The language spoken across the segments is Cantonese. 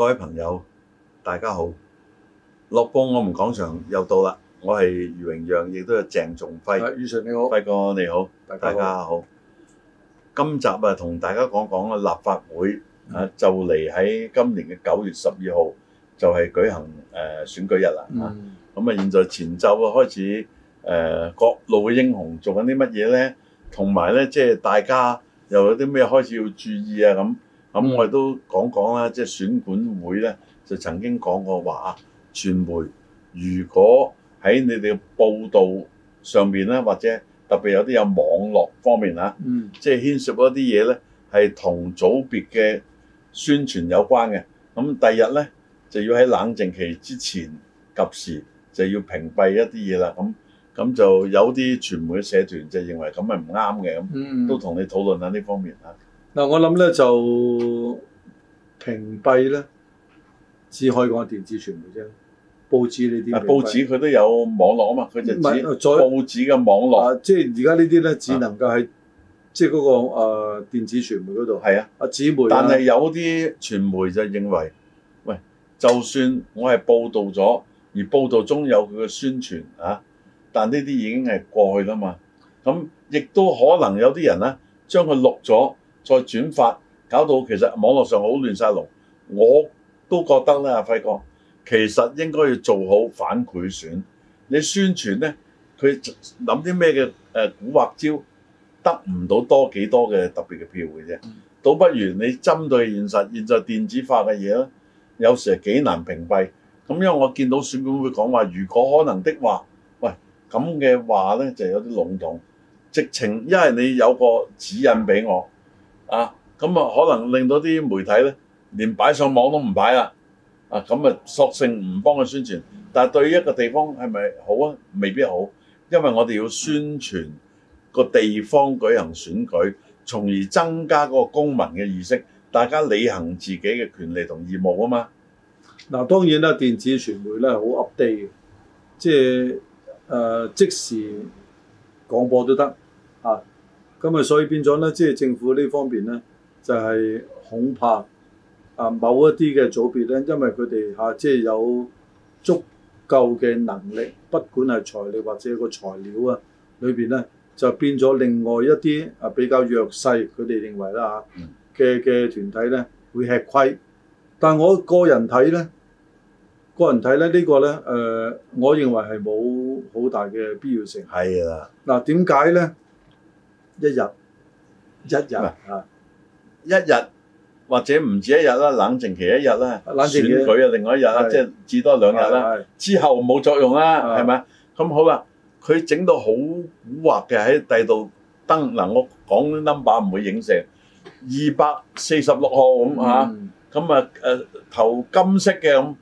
各位朋友，大家好！樂報我們講場又到啦，我係余榮陽，亦都係鄭仲輝。余 Sir 你好，輝哥你好，大家好，大家好。今集啊，同大家講講個立法會、嗯、啊，就嚟喺今年嘅九月十二號就係、是、舉行誒、呃、選舉日啦。咁、嗯、啊，現在前奏開始，誒、呃，各路嘅英雄做緊啲乜嘢咧？同埋咧，即、就、係、是、大家又有啲咩開始要注意啊？咁咁、嗯、我亦都講講啦，即、就、係、是、選管會咧就曾經講過話傳傳媒如果喺你哋報道上面咧，或者特別有啲有網絡方面啊，即、嗯、係、就是、牽涉一啲嘢咧，係同組別嘅宣傳有關嘅，咁第日咧就要喺冷靜期之前，及時就要屏蔽一啲嘢啦。咁咁就有啲傳媒社團就認為咁係唔啱嘅，咁都同你討論下呢方面啊。嗯嗯嗱，我諗咧就屏蔽咧，只可以講電子傳媒啫。報紙呢啲，啊，報紙佢都有網絡啊嘛，佢就指報紙嘅網絡啊。啊，即係而家呢啲咧，只能夠喺、啊、即係、那、嗰個電、啊、電子傳媒嗰度。係啊，啊紙媒啊。但係有啲傳媒就認為，喂，就算我係報導咗，而報導中有佢嘅宣傳啊，但呢啲已經係過去啦嘛。咁亦都可能有啲人咧，將佢錄咗。再轉發搞到其實網絡上好亂晒龍我都覺得呢，阿輝哥其實應該要做好反饋選你宣傳呢佢諗啲咩嘅誒古惑招得唔到多幾多嘅特別嘅票嘅啫、嗯、倒不如你針對現實現在電子化嘅嘢呢有時係幾難屏蔽咁因為我見到選管會講話如果可能的話喂咁嘅話呢就有啲籠統直情因為你有個指引俾我啊，咁啊，可能令到啲媒體咧，連擺上網都唔擺啦，啊，咁啊，索性唔幫佢宣傳。但係對於一個地方係咪好啊？未必好，因為我哋要宣傳個地方舉行選舉，從而增加嗰個公民嘅意識，大家履行自己嘅權利同義務啊嘛。嗱，當然啦，電子傳媒咧好 update 嘅，即係誒、呃、即時廣播都得，嚇、啊。咁啊，所以變咗咧，即係政府呢方面咧，就係恐怕啊某一啲嘅組別咧，因為佢哋即係有足夠嘅能力，不管係財力或者個材料啊，裏面咧就變咗另外一啲啊比較弱勢，佢哋認為啦嚇嘅嘅團體咧會吃虧。但我個人睇咧，個人睇咧呢個咧，呃，我認為係冇好大嘅必要性。係啊，嗱，點解咧？一日，一日，啊，一日或者唔止一日啦，冷靜期一日啦，選舉啊另外一日啦，即係至多兩日啦。之後冇作用啦，係咪？咁好啦，佢整到好古惑嘅喺第度登嗱，我講 number 唔會影射二百四十六號咁吓，咁啊誒投金色嘅咁，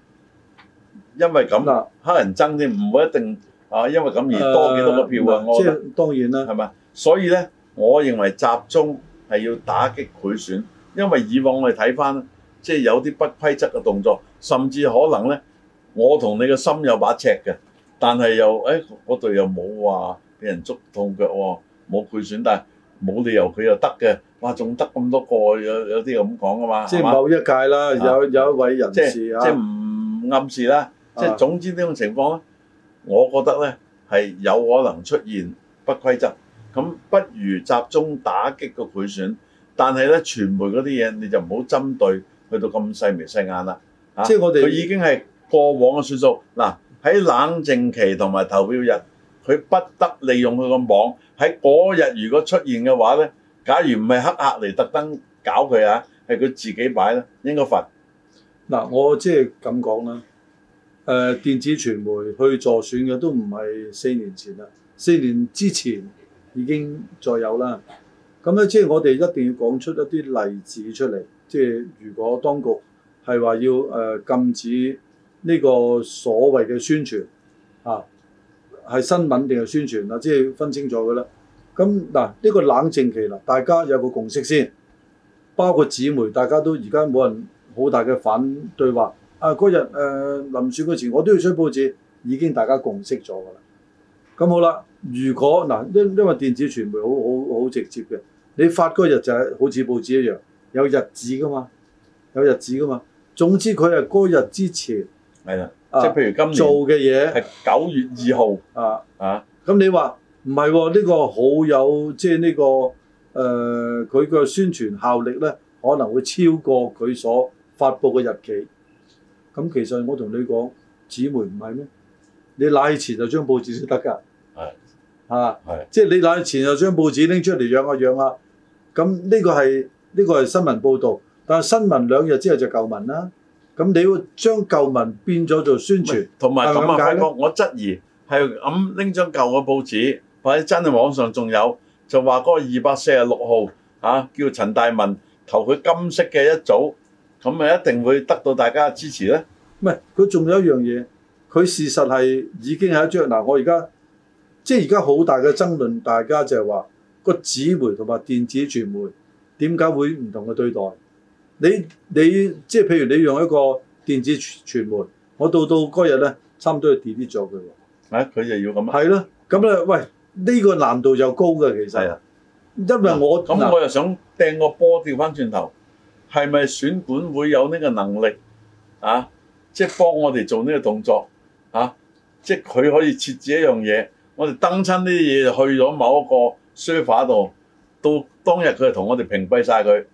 因為咁啊黑人憎添，唔會一定啊因為咁而多幾多個票啊？我即係當然啦，係咪？所以咧。我認為集中係要打擊賄選，因為以往我哋睇返，即係有啲不規則嘅動作，甚至可能咧，我同你嘅心有把尺嘅，但係又誒嗰度又冇話俾人捉痛腳喎，冇賄選，但係冇理由佢又得嘅，哇仲得咁多個有有啲咁講噶嘛，即係某一屆啦、啊，有有一位人士啊，即係唔暗示啦，即係總之呢種情況咧、啊，我覺得咧係有可能出現不規則。咁不如集中打擊個賄選，但係咧，傳媒嗰啲嘢你就唔好針對去到咁細眉細眼啦。即係我哋佢、啊、已經係過往嘅算數。嗱、啊，喺冷靜期同埋投票日，佢不得利用佢個網喺嗰日如果出現嘅話咧，假如唔係黑客嚟特登搞佢呀，係佢自己擺咧，應該罰。嗱、啊，我即係咁講啦。誒、呃，電子傳媒去助選嘅都唔係四年前啦，四年之前。已經再有啦，咁咧即係我哋一定要講出一啲例子出嚟，即係如果當局係話要誒、呃、禁止呢個所謂嘅宣傳，嚇、啊、係新聞定係宣傳啊，即係分清楚嘅啦。咁嗱，呢、啊呢個冷靜期啦，大家有個共識先，包括紙媒，大家都而家冇人好大嘅反對話。啊，嗰日誒臨選嗰時，我都要出報紙，已經大家共識咗㗎啦。咁好啦。如果嗱，因因為電子傳媒好好好直接嘅，你發嗰日子就係好似報紙一樣，有日子噶嘛，有日子噶嘛。總之佢係嗰日之前，係啦，即係譬如今日做嘅嘢係九月二號啊啊！咁、啊、你話唔係喎？呢、呢個好有即係、呢、呢個誒，佢、呃、嘅宣傳效力咧，可能會超過佢所發布嘅日期。咁其實我同你講，紙媒唔係咩？你拉前就將報紙先得㗎。係。啊，係，即係你那前就將報紙拎出嚟，樣啊樣啊，咁、這、呢個係呢個係新聞報導，但係新聞兩日之後就舊聞啦。咁你將舊聞變咗做宣傳，同埋咁啊，我質疑係咁拎張舊嘅報紙，或者真係網上仲有，就話嗰個二百四十六號叫陳大文投佢金色嘅一組，咁咪一定會得到大家嘅支持咧？唔係，佢仲有一樣嘢，佢事實係已經係一張嗱，我而家。即係而家好大嘅爭論，大家就係話個紙媒同埋電子傳媒點解會唔同嘅對待你？你你即係譬如你用一個電子傳媒，我到到嗰日咧，差唔多係 delete 咗佢喎。佢就要咁啊？係咯，咁咧，喂，呢個難度就高㗎，其實。啊。因為我咁、嗯，我又想掟個波調翻轉頭，係咪選管會有呢個能力啊？即係幫我哋做呢個動作啊？即係佢可以設置一樣嘢。我哋登親啲嘢去咗某一個 server 度，到當日佢就同我哋屏蔽晒佢。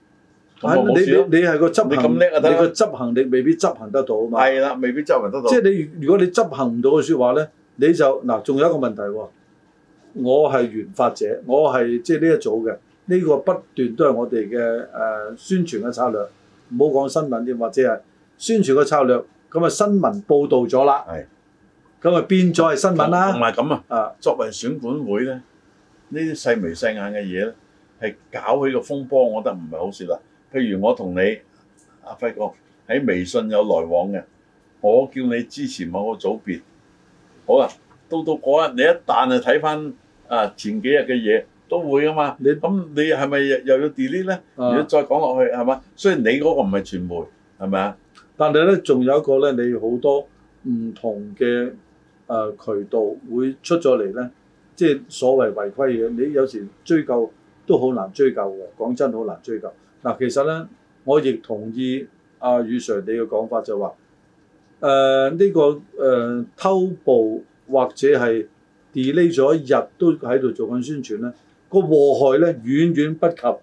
你你你係個執行，你咁叻，你個執行力未必執行得到啊嘛。係啦，未必執行得到。即係你，如果你執行唔到嘅説話咧，你就嗱，仲有一個問題喎，哦。我係原發者，我係即係呢一組嘅，呢、呢個不斷都係我哋嘅誒宣傳嘅策略。唔好講新聞添，或者係宣傳嘅策略。咁啊，新聞報導咗啦。係。咁啊變咗係新聞啦，同埋咁啊，啊作為選管會咧，呢、啊、啲細眉細眼嘅嘢咧，係搞起個風波，我覺得唔係好事啦。譬如我同你阿、啊、輝哥喺微信有來往嘅，我叫你支持某個組別，好啊。到到嗰日你一旦啊睇返啊前幾日嘅嘢，都會噶嘛。你咁你係咪又要 delete 咧？如果再講落去係嘛？雖然你嗰個唔係傳媒係咪啊？你但係咧仲有一個咧，你好多唔同嘅。誒、呃、渠道會出咗嚟呢，即係所謂違規嘅。你有時追究都好難追究嘅，講真好難追究。嗱、啊，其實呢，我亦同意阿、啊、雨 Sir 你嘅講法就，就話誒呢個誒、呃、偷步或者係 delay 咗一日都喺度做緊宣傳呢、那個禍害呢，遠遠不及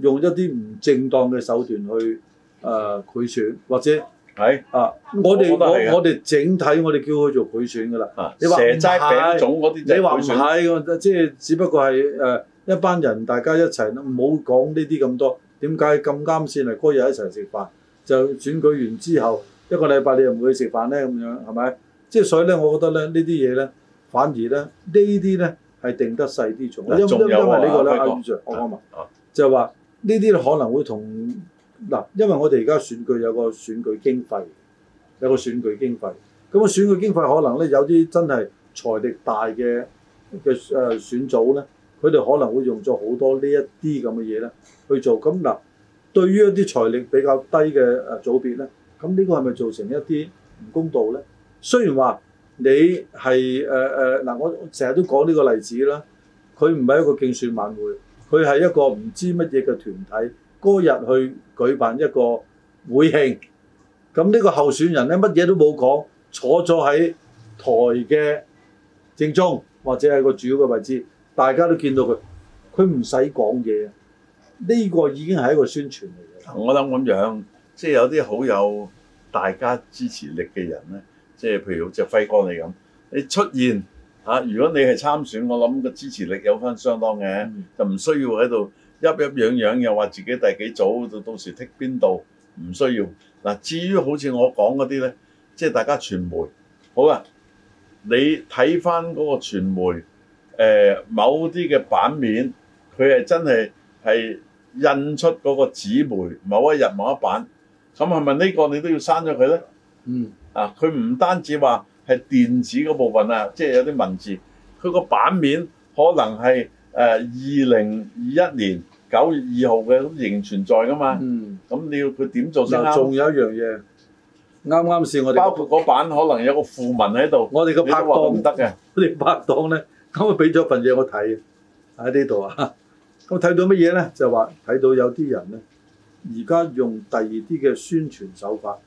用一啲唔正當嘅手段去誒賄選或者。係、uh, 啊！我哋我我哋整體我哋叫佢做賄選㗎啦。你話唔係，你話唔係，即、啊、係只不過係誒、uh, 啊、一班人大家一齊，唔好講呢啲咁多。點解咁啱先嚟嗰日一齊食飯？就選舉完之後一個禮拜你又唔會去食飯咧，咁樣係咪？即、就、係、是、所以咧，我覺得咧呢啲嘢咧，反而咧呢啲咧係定得細啲做因因為呢、這個咧，阿、啊、我、啊啊啊啊啊啊啊、就係話呢啲可能會同。嗱，因為我哋而家選舉有個選舉經費，有個選舉經費，咁個選舉經費可能咧有啲真係財力大嘅嘅誒選組咧，佢哋可能會用咗好多呢一啲咁嘅嘢咧去做。咁嗱，對於一啲財力比較低嘅誒組別咧，咁呢個係咪造成一啲唔公道咧？雖然話你係誒誒嗱，我成日都講呢個例子啦，佢唔係一個競選晚會，佢係一個唔知乜嘢嘅團體。嗰日去舉辦一個會慶，咁呢個候選人咧乜嘢都冇講，坐咗喺台嘅正中或者係個主要嘅位置，大家都見到佢，佢唔使講嘢，呢個已經係一個宣傳嚟嘅。我諗咁樣，即係有啲好有大家支持力嘅人咧，即係譬如好似輝哥你咁，你出現、啊、如果你係參選，我諗個支持力有翻相當嘅，就唔需要喺度。一一樣樣又話自己第幾組到到時剔邊度唔需要嗱，至於好似我講嗰啲咧，即係大家傳媒好啊，你睇翻嗰個傳媒誒、呃、某啲嘅版面，佢係真係係印出嗰個紙媒某一日某一版，咁係咪呢個你都要刪咗佢咧？嗯啊，佢唔單止話係電子嗰部分啊，即係有啲文字，佢個版面可能係誒二零二一年，九月二號嘅都仍存在㗎嘛？嗯，咁你要佢點做先啱？仲、嗯、有一樣嘢，啱啱先我哋，包括嗰、那、版、個、可能有個富民喺度。我哋個拍檔唔得嘅，我哋拍檔咧咁啊，俾咗份嘢我睇喺呢度、就是、啊。咁睇到乜嘢咧？就話睇到有啲人咧，而家用第二啲嘅宣傳手法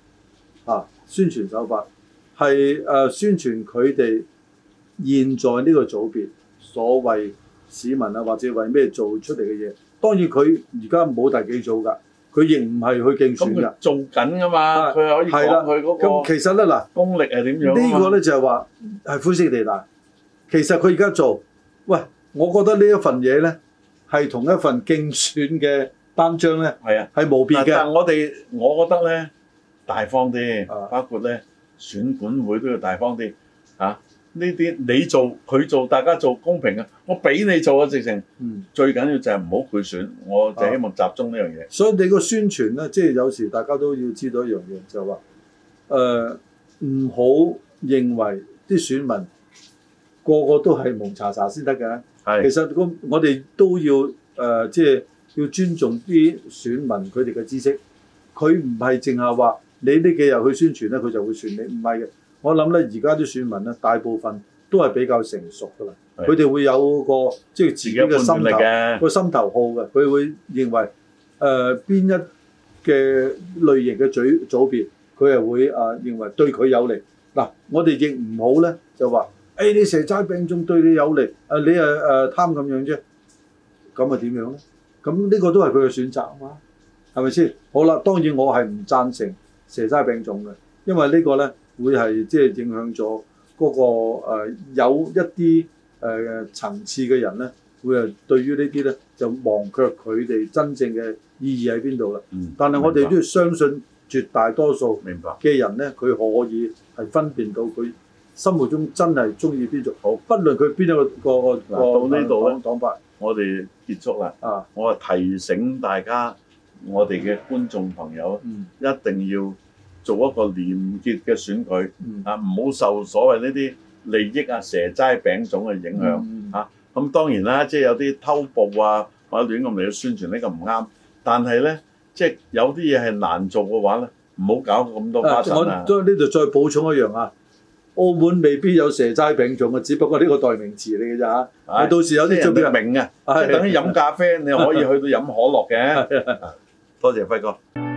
嚇、呃，宣傳手法係誒宣傳佢哋現在呢個組別所謂市民啊，或者為咩做出嚟嘅嘢。當然佢而家冇第幾組㗎，佢亦唔係去競選㗎。咁佢做緊㗎嘛，佢可以講佢嗰個。咁其實咧嗱，功力係點樣？呢個咧就係話係灰色地帶。其實佢而家做，喂，我覺得呢一份嘢咧係同一份競選嘅單張咧，係啊，係冇變嘅。但我哋，我覺得咧大方啲，包括咧選管會都要大方啲。呢啲你做佢做大家做公平啊。我俾你做啊！直情，最緊要就係唔好佢選，嗯，我就希望集中呢樣嘢。所以你個宣傳咧，即係有時大家都要知道一樣嘢，就話誒唔好認為啲選民個個都係蒙查查先得嘅。係，其實咁我哋都要誒，即係要尊重啲選民佢哋嘅知識。佢唔係淨係話你呢幾日去宣傳咧，佢就會選你，唔係嘅。我諗咧，而家啲選民咧，大部分都係比較成熟噶啦。佢哋會有個即係自己嘅心頭個心頭好嘅，佢會認為誒邊、呃、一嘅類型嘅組組別，佢係會誒、呃、認為對佢有利嗱、呃。我哋亦唔好咧，就話誒、欸、你蛇齋餅糭對你有利，誒、呃、你誒誒、呃、貪咁樣啫，咁啊點樣咧？咁呢個都係佢嘅選擇吖嘛，係咪先？好啦，當然我係唔贊成蛇齋餅糭嘅，因為個呢個咧。會係即係影響咗嗰個、呃、有一啲誒層次嘅人咧，會誒對於呢啲咧就忘卻佢哋真正嘅意義喺邊度啦。嗯，但係我哋都要相信絕大多數明白嘅人咧，佢可以係分辨到佢心目中真係中意邊種好，不論佢邊一個個、嗯、個。到呢度講白，我哋結束啦。啊，我話提醒大家，我哋嘅觀眾朋友、嗯、一定要。做一個廉潔嘅選舉、嗯、啊，唔好受所謂呢啲利益啊蛇齋餅種嘅影響嚇。咁、嗯啊、當然啦，即、就、係、是、有啲偷步啊或者亂咁嚟去宣傳呢個唔啱。但係咧，即、就、係、是、有啲嘢係難做嘅話咧，唔好搞咁多花生、啊啊、我喺呢度再補充一樣啊，澳門未必有蛇齋餅種嘅，只不過呢個代名詞嚟嘅咋，你到時有啲人明嘅，即、啊、係、就是啊、等於飲咖啡你可以去到飲可樂嘅、啊。 多謝輝哥。